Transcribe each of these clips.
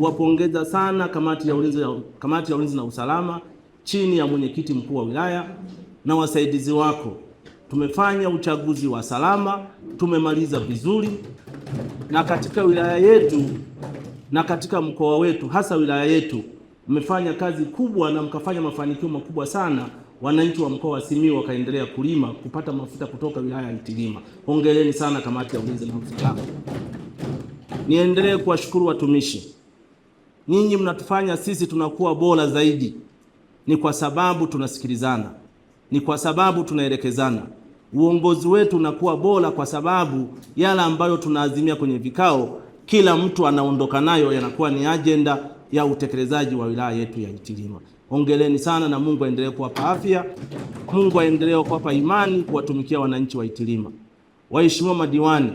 kuwapongeza sana kamati ya ulinzi, kamati ya ulinzi na usalama chini ya mwenyekiti mkuu wa wilaya na wasaidizi wako. Tumefanya uchaguzi wa salama, tumemaliza vizuri, na katika wilaya yetu na katika mkoa wetu, hasa wilaya yetu, mmefanya kazi kubwa na mkafanya mafanikio makubwa sana. Wananchi wa mkoa wa Simiyu wakaendelea kulima kupata mafuta kutoka wilaya ya Itilima. Hongereni sana kamati ya ulinzi na usalama. Niendelee kuwashukuru watumishi nyinyi mnatufanya sisi tunakuwa bora zaidi, ni kwa sababu tunasikilizana, ni kwa sababu tunaelekezana. Uongozi wetu unakuwa bora kwa sababu yale ambayo tunaazimia kwenye vikao, kila mtu anaondoka nayo, yanakuwa ni ajenda ya utekelezaji wa wilaya yetu ya Itilima. Ongeleni sana na Mungu aendelee kuwapa afya, Mungu aendelee kuwapa imani, kuwatumikia wananchi wa Itilima. Waheshimiwa madiwani,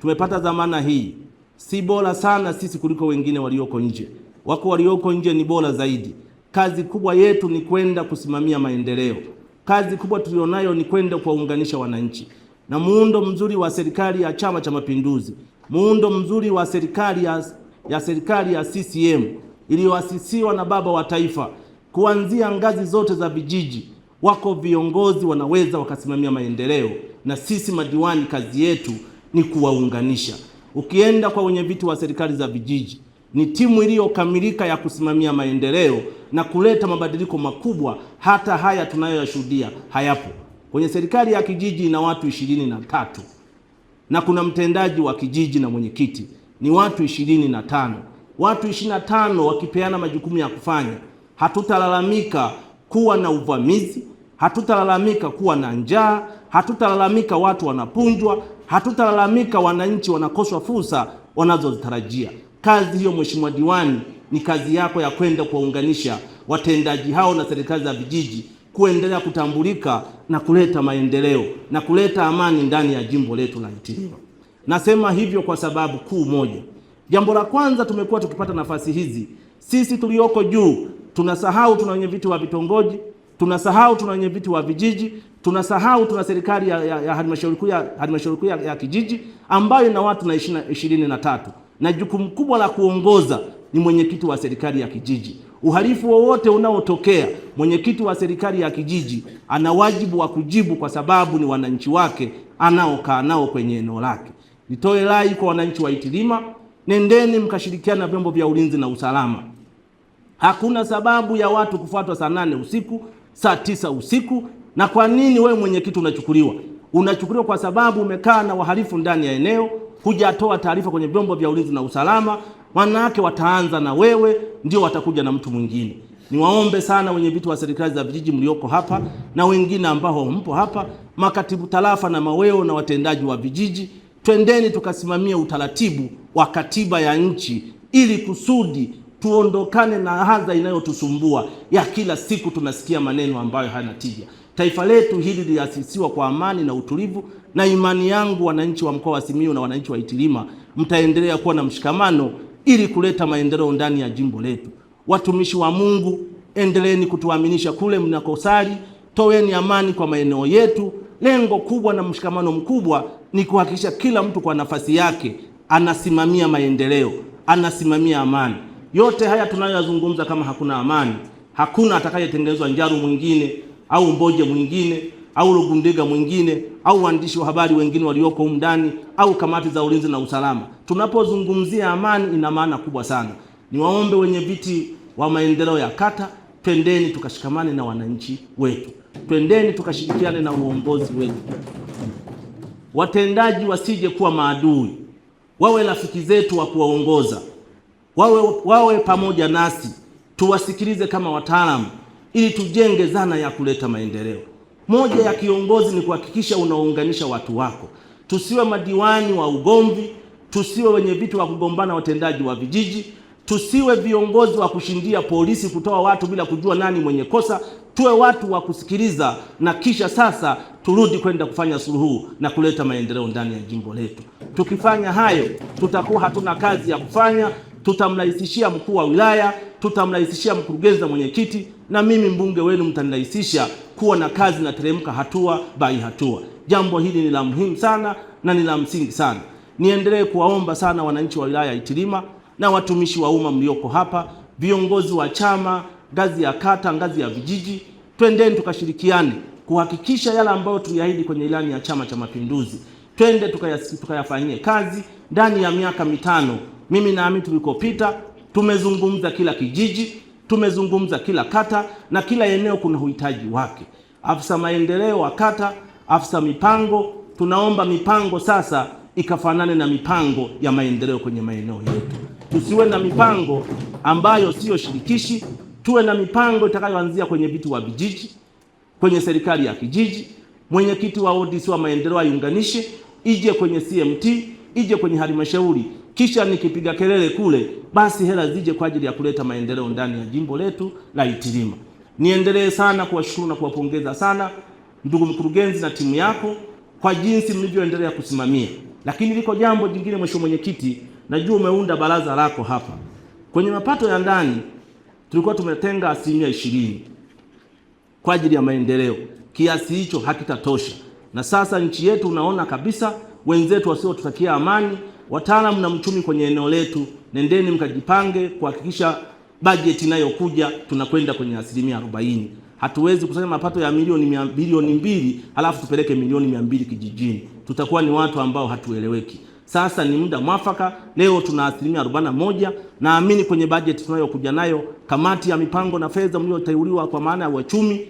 tumepata dhamana hii, si bora sana sisi kuliko wengine walioko nje wako walioko nje ni bora zaidi. Kazi kubwa yetu ni kwenda kusimamia maendeleo. Kazi kubwa tulionayo ni kwenda kuwaunganisha wananchi na muundo mzuri wa serikali ya Chama cha Mapinduzi, muundo mzuri wa serikali ya, ya serikali ya CCM iliyoasisiwa na baba wa taifa. Kuanzia ngazi zote za vijiji, wako viongozi wanaweza wakasimamia maendeleo, na sisi madiwani kazi yetu ni kuwaunganisha. Ukienda kwa wenyeviti wa serikali za vijiji ni timu iliyokamilika ya kusimamia maendeleo na kuleta mabadiliko makubwa. Hata haya tunayoyashuhudia hayapo. Kwenye serikali ya kijiji ina watu ishirini na tatu na kuna mtendaji wa kijiji na mwenyekiti ni watu ishirini na tano. Watu ishirini na tano wakipeana majukumu ya kufanya, hatutalalamika kuwa na uvamizi, hatutalalamika kuwa na njaa, hatutalalamika watu wanapunjwa, hatutalalamika wananchi wanakoswa fursa wanazozitarajia. Kazi hiyo Mheshimiwa Diwani, ni kazi yako ya kwenda kuwaunganisha watendaji hao na serikali za vijiji kuendelea kutambulika na kuleta maendeleo na kuleta amani ndani ya jimbo letu la Itilima. Nasema hivyo kwa sababu kuu moja. Jambo la kwanza, tumekuwa tukipata nafasi hizi sisi tulioko juu, tunasahau tuna wenyeviti wa vitongoji, tunasahau tuna wenyeviti wa vijiji, tunasahau tuna serikali ya halmashauri kuu ya kijiji ambayo ina watu na ishirini na tatu na jukumu kubwa la kuongoza ni mwenyekiti wa serikali ya kijiji. Uhalifu wowote unaotokea, mwenyekiti wa serikali ya kijiji ana wajibu wa kujibu, kwa sababu ni wananchi wake anaokaa nao kwenye eneo lake. Nitoe rai kwa wananchi wa Itilima, nendeni mkashirikiana na vyombo vya ulinzi na usalama. Hakuna sababu ya watu kufuatwa saa nane usiku, saa tisa usiku. Na kwa nini wewe mwenyekiti unachukuliwa? Unachukuliwa kwa sababu umekaa na wahalifu ndani ya eneo hujatoa taarifa kwenye vyombo vya ulinzi na usalama, wanawake wataanza na wewe, ndio watakuja na mtu mwingine. Niwaombe sana wenye viti wa serikali za vijiji mlioko hapa na wengine ambao mpo hapa, makatibu tarafa na maweo na watendaji wa vijiji, twendeni tukasimamia utaratibu wa katiba ya nchi ili kusudi tuondokane na hadha inayotusumbua ya kila siku tunasikia maneno ambayo hayana tija. Taifa letu hili liliasisiwa kwa amani na utulivu, na imani yangu wananchi wa mkoa wa Simiyu na wananchi wa Itilima mtaendelea kuwa na mshikamano ili kuleta maendeleo ndani ya jimbo letu. Watumishi wa Mungu, endeleeni kutuaminisha kule mnakosali, toweni amani kwa maeneo yetu. Lengo kubwa na mshikamano mkubwa ni kuhakikisha kila mtu kwa nafasi yake anasimamia maendeleo, anasimamia amani. Yote haya tunayoyazungumza, kama hakuna amani, hakuna atakayetengenezwa njaru mwingine au Mboje mwingine au Lugundega mwingine au waandishi wa habari wengine walioko humu ndani au kamati za ulinzi na usalama. Tunapozungumzia amani, ina maana kubwa sana. Niwaombe wenye viti wa maendeleo ya kata, twendeni tukashikamane na wananchi wetu, twendeni tukashirikiane na uongozi wetu. Watendaji wasije kuwa maadui, wawe rafiki zetu wa kuwaongoza, wawe, wawe pamoja nasi, tuwasikilize kama wataalamu ili tujenge zana ya kuleta maendeleo. Moja ya kiongozi ni kuhakikisha unaunganisha watu wako, tusiwe madiwani wa ugomvi, tusiwe wenye vitu wa kugombana watendaji wa vijiji, tusiwe viongozi wa kushindia polisi kutoa watu bila kujua nani mwenye kosa. Tuwe watu wa kusikiliza na kisha sasa turudi kwenda kufanya suluhu na kuleta maendeleo ndani ya jimbo letu. Tukifanya hayo, tutakuwa hatuna kazi ya kufanya, tutamrahisishia mkuu wa wilaya, tutamrahisishia mkurugenzi na mwenyekiti na mimi mbunge wenu mtanirahisisha kuwa na kazi nateremka hatua bai hatua. Jambo hili ni la muhimu sana na ni la msingi sana. Niendelee kuwaomba sana wananchi wa wilaya ya Itilima na watumishi wa umma mlioko hapa, viongozi wa chama ngazi ya kata, ngazi ya vijiji, twendeni tukashirikiane kuhakikisha yale ambayo tuliahidi kwenye ilani ya Chama cha Mapinduzi, twende tukayafanyie kazi ndani ya miaka mitano. Mimi naamini tulikopita tumezungumza kila kijiji Tumezungumza kila kata na kila eneo kuna uhitaji wake. Afisa maendeleo wa kata, afisa mipango, tunaomba mipango sasa ikafanane na mipango ya maendeleo kwenye maeneo yetu. Tusiwe na mipango ambayo siyo shirikishi, tuwe na mipango itakayoanzia kwenye vitu wa vijiji, kwenye serikali ya kijiji, mwenyekiti wa ODC wa maendeleo aiunganishe, ije kwenye CMT ije kwenye halmashauri, kisha nikipiga kelele kule, basi hela zije kwa ajili ya kuleta maendeleo ndani ya jimbo letu la Itilima. Niendelee sana kuwashukuru na kuwapongeza sana ndugu mkurugenzi na timu yako kwa jinsi mlivyoendelea kusimamia. Lakini liko jambo jingine, mheshimiwa mwenyekiti, najua umeunda baraza lako hapa. Kwenye mapato ya ndani tulikuwa tumetenga asilimia ishirini kwa ajili ya maendeleo. Kiasi hicho hakitatosha, na sasa nchi yetu unaona kabisa wenzetu wasiotutakia amani, wataalamu na mchumi kwenye eneo letu, nendeni mkajipange kuhakikisha bajeti inayokuja tunakwenda kwenye asilimia arobaini. Hatuwezi kusanya mapato ya milioni bilioni mbili halafu tupeleke milioni mia mbili kijijini, tutakuwa ni watu ambao hatueleweki. Sasa ni muda mwafaka. Leo tuna asilimia arobaini na moja. Naamini kwenye bajeti tunayokuja nayo, kamati ya mipango na fedha mlioteuliwa, kwa maana ya wachumi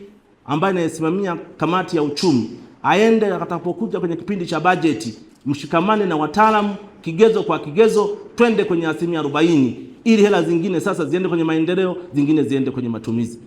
ambayo inayesimamia kamati ya uchumi aende atakapokuja kwenye kipindi cha bajeti, mshikamane na wataalamu kigezo kwa kigezo, twende kwenye asilimia 40 ili hela zingine sasa ziende kwenye maendeleo, zingine ziende kwenye matumizi.